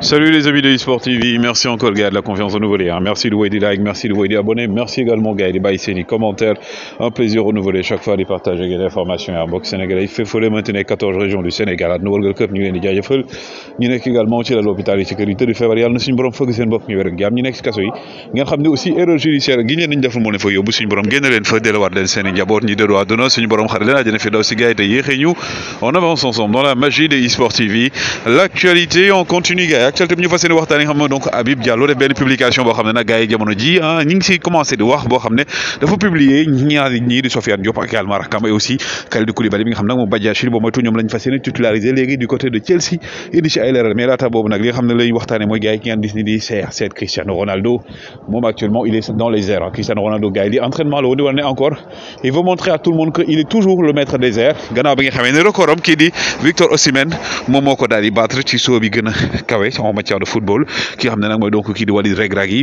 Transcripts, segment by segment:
Salut les amis de eSport TV, merci encore gars de la confiance renouvelée. Hein. Merci de vous merci de vous merci également gars de bails, des commentaires. Un plaisir renouvelé chaque fois de partager des informations. Hein. Box il fait folle maintenant 14 régions du Sénégal. nous également l'hôpital de sécurité de février. Nous nous aussi judiciaire. nous nous nous On avance ensemble dans la magie TV. L'actualité, on continue actuellement actualité bi ñu fas yéene donc Abib Diallo def benn publication Bah, comme on a gagné yi jamono ji ah ñi ngi si commencé di wax boo xam dafa publier ñaar ñii di Sofiane Diop ak Yaya Mara Kama et aussi Khalid Koulibaly bi nga xam nag moom Badiashile boo moytu ñoom lañ fas yéene titularisé léegi du côté de Chelsea Et si ay leeral mais laata bon, nag li nga xam ne lañ waxtaane mooy gars yi ki ngeen gis ni di CR7 Cristiano Ronaldo moom actuellement il est dans les airs hein. Cristiano Ronaldo gars di entraînement la woon di encore il veut montrer à tout le monde que il est toujours le maître des airs gannaaw bi nga xamee ne record am kii di Victor Osimhen moom moo ko daal battre ci soo bi gën en matière de football ki xam ne nag mooy donc kii di Walid Regragui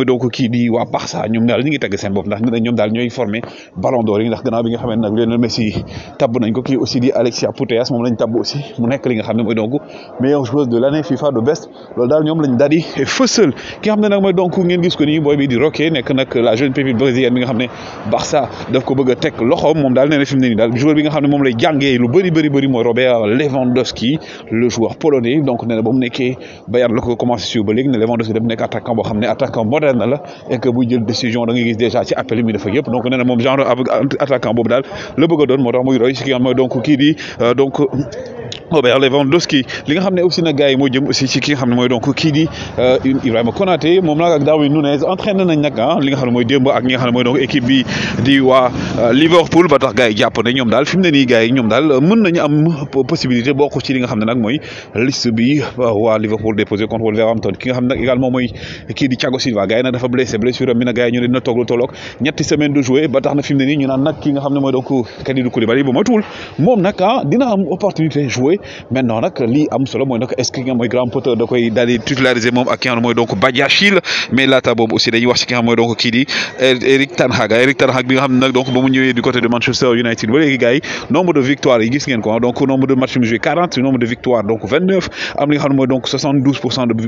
mooy donc kii di waa Barça ñoom daal ñu ngi tagg daal ñooy bi nga xam ne nag Lionel Messi tabb nañ ko kii aussi di Alexia Putellas moom lañ tabb aussi mu nekk li nga xam donc meilleur joueur bi nga xam a moom lay jàngee lu bëri bëri mooy Robert Lewandowski le joueur polonais donc nee na ba mu nekkee Bayern la ko ne Lewandowski daf nekk attaquant boo xam ne attaquant moderne benn la et que buy jël décision da nga gis déjà ci appel mi dafa yëpp donc néna mom genre attaquant bobu dal le bëgg a doon moo tax muy roy si ki donc kii di euh, donc Robert Lewandowski li nga xam ne aussi nag gars yi moo aussi ki nga xam ne mooy donc kii di euh, Ibrahima Konaté moom nag ak Darwin Nunez entraîné nañ nag ah, ne mooy démb ak xam ne mooy donc équipe bi di waa euh, Liverpool ba tax gars yi jàpp euh, am possibilité bokk ci li nga xam ne nag mooy liste bi waa Liverpool déposé contre Wolverhampton ki nga dina toog lu tolloog semaine de jouer ba tax na fi ne nii ñu naan nag ki nga xam ne mooy donc Kalidou Koulibaly ba matul moom nag ah, dina am opportunité jouer maintenant nak li am solo moy nak est-ce que moy grand poteur da koy daal titulariser mom ak ki moy donc Badia Chil mais laata boobu aussi dañuy wax ci ki nga xam donc ki di er-, Eric Ten Hag Eric Ten Hag bi nga xam nak donc bamu ñëwé ñëwee du côté de Manchester United ba légui gars nombre de victoires yi gis ngeen ko ah, donc nombre de matchs joués 40 nombre de victoires donc 29 am li nga xam ne donc 72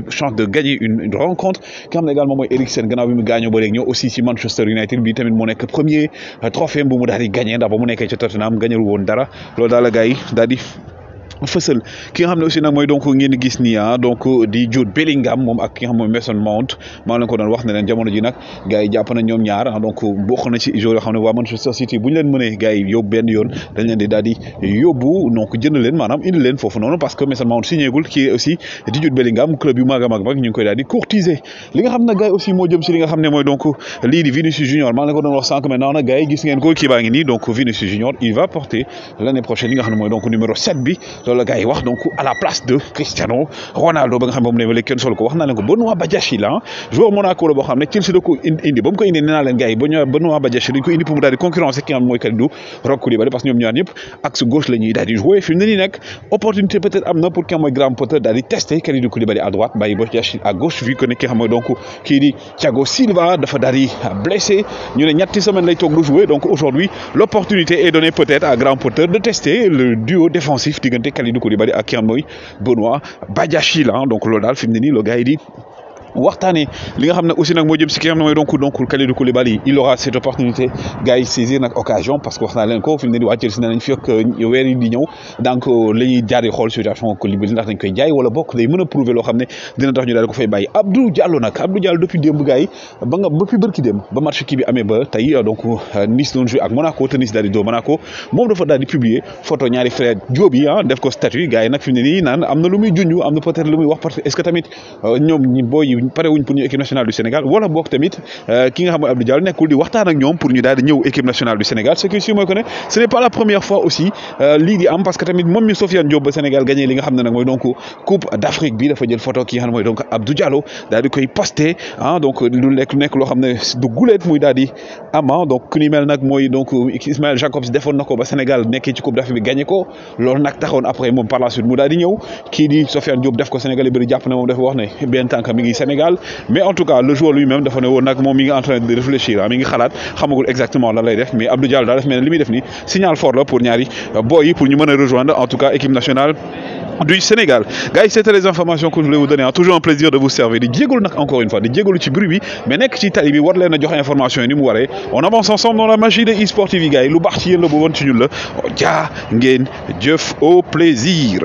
de chance de gagner une rencontre ki nga xam ne également mooy Eriksen gannaaw bi mu gaañoo ba léegi ñëw aussi ci Manchester United bi tamit mo nek premier trophée bu mu daal di gagné ndax bamu mu ci Tottenham gagné woon dara lolou daal la gars di fësal ki nga xamne aussi nak moy donc ngeen gis ni ah donc di Jude Bellingham moom ak ki nga xam mooy Mason Mount maa leen ko doon wax ne len jamono ji nak gaay japp na ñom ñaar ah, donc bokk na ci joueurs yoo xam ne Manchester City bu ñu leen mënee gars yi yóbbu yoon dañ leen di daldi yobbu donc jënd leen manam indi leen fofu nonu parce que Mason Mount signé gul ki aussi di Jude Bellingham club yu mag mag mag ñu ngi koy daldi courtiser li nga xamne gaay aussi mo jëm ci li nga xamne moy donc li di Vinicius Junior maa leen ko doon wax sànq mais nag gars yi gis ngeen ko ki baangi ni donc Vinicius Junior il va porter l'année prochaine li nga xam ne donc numéro 7 bi loolu la gars wax donc à la place de Cristiano Ronaldo ba nga xam ne moom la kenn sol ko wax na leen ko Benoît Badiashile la ah, joueur Monaco la bo xam ne Chelsea da ko indi bam ko indi nee naa leen gars yi Benoît Badiashile dañ ko indi pour mu de concurrence ki nga xam mooy Kalidou Koulibaly parce que ñoom ñaar ñëpp axe gauche la ñuy di jouer fi mu ne opportunité peut être amna pour ki nga mooy Graham Potter daal di tester Kalidou Koulibaly à droite bàyyi Badiashile à gauche vu que ne ki xam donc ki di Thiago Silva dafa daal di blessé ñu ne ñetti semaine lay tok du jouer donc aujourd'hui l'opportunité est donnée peut être à grand Potter de tester le duo défensif diggante Kalidou Koulibaly ak kii mooy Benoît Badiachile ah donc loolu daal fi mu ne di waxtaanee li nga xam nag moo jëm si ki nga xam ne mooy donc donc Kalidou opportunité gars saisir nag occasion parce que wax leen ko fi ne nii waa am na lu lu muy wax parce est-ce que tamit euh, ñoom booy paré wuñ pour ñu équipe nationale du Sénégal wala boog tamit euh, ki nga xam mooy Abdou Diallo nekul di waxtaan ak ñom pour ñu daal di ñëw équipe nationale du Sénégal ce que est sûr mooy que ce n'est pas la première fois aussi euh, li di am parce que tamit mom mi Sofiane Diop ba Sénégal gagné li nga xam nak moy donc coupe d'Afrique bi dafa jël photo ki nga xam ne donc Abdou Diallo daal di koy poster hein donc lu nek nekk loo xam du guleet muy daal di ama hein. donc ku ni mel donc Ismaël Jacobs defoon nako ba Sénégal nekkee ci coupe d'Afrique bi gagné ko loolu nak taxoon après mom par la suite mu daal di ñëw ki di Sofiane Diop def ko Sénégal yi bëri jàpp na mom dafa wax né benn tànk mi ngi Sénégal Sénégal mais en tout cas le joueur lui-même il est en train de réfléchir Il ah, mi ngi xalaat xamagul exactement lan lay mais Abdou Diallo c'est def mel ne signal fort la pour ñaari euh, boy pour ñu rejoindre en tout cas équipe nationale. du Sénégal gars c'était les informations que je voulais vous donner En ah, toujours un plaisir de vous servir di jégalu encore une fois di jégalu ci bruit bi mais nek ci tali bi war leena a jox information yi ni mu waré. on avance ensemble dans la magie de e TV gars lu bax ci yéen la bu ci ñun la oh, Ja ngeen au plaisir.